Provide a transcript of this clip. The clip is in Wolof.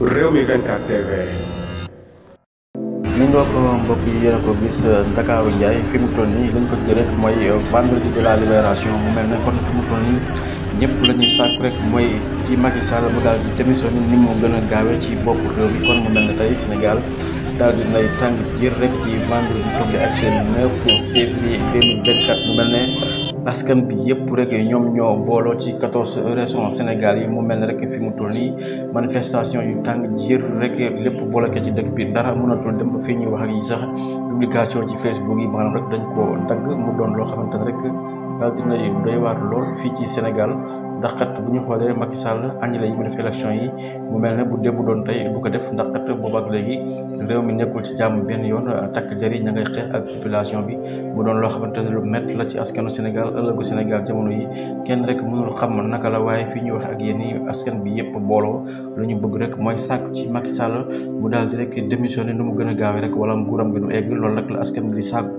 Rewmi 24 TV ni nga ko mbokk yi yéen ko gis euh, Ndakaaru Ndiaye fi mu toll nii lañ ko tuddee rek mooy euh, vendredi de la libération mu mel ne kon fi mu toll nii ñëpp la ñuy sàkk rek mooy ci Macky Sall mu daal di démissionné ni mu gën a gaawee ci bopp réew mi kon mu mel ne tey Sénégal daal di tàng jiir rek ci vendredi tombé ak le mu mel ne askan bi yëpp rek ñoom ñoo booloo ci 14 régions Sénégal yi mu mel ne rek fi mu toll nii manifestation yu tàng jiir rek lépp boolekee ci dëkk bi dara mënatul dem. fii ñuy wax ak yi sax publication ci Facebook yi maanaam rek dañ koo dagg mu doon loo xamante ne rek daal dina doy waar lool fii ci Sénégal ndax kat bu ñu xoolee Macky Sall annulé yi mu def élection yi mu mel ne bu démb doon tey du ko def ndax kat boobu ak léegi réew mi nekkul ci jàmm benn yoon takk jëri ña ngay xeex ak population bi mu doon loo xamante ne lu métti la ci askanu Sénégal ëllëgu Sénégal jamono yi kenn rek mënul xam naka la waaye fi ñu wax ak yéen yi askan bi yëpp booloo lu ñu bëgg rek mooy sàkk ci Macky Sall mu daal di rek démissionné nu mu gën a gaawee rek wala nguuram gi nu egg loolu rek la askan bi di sàkk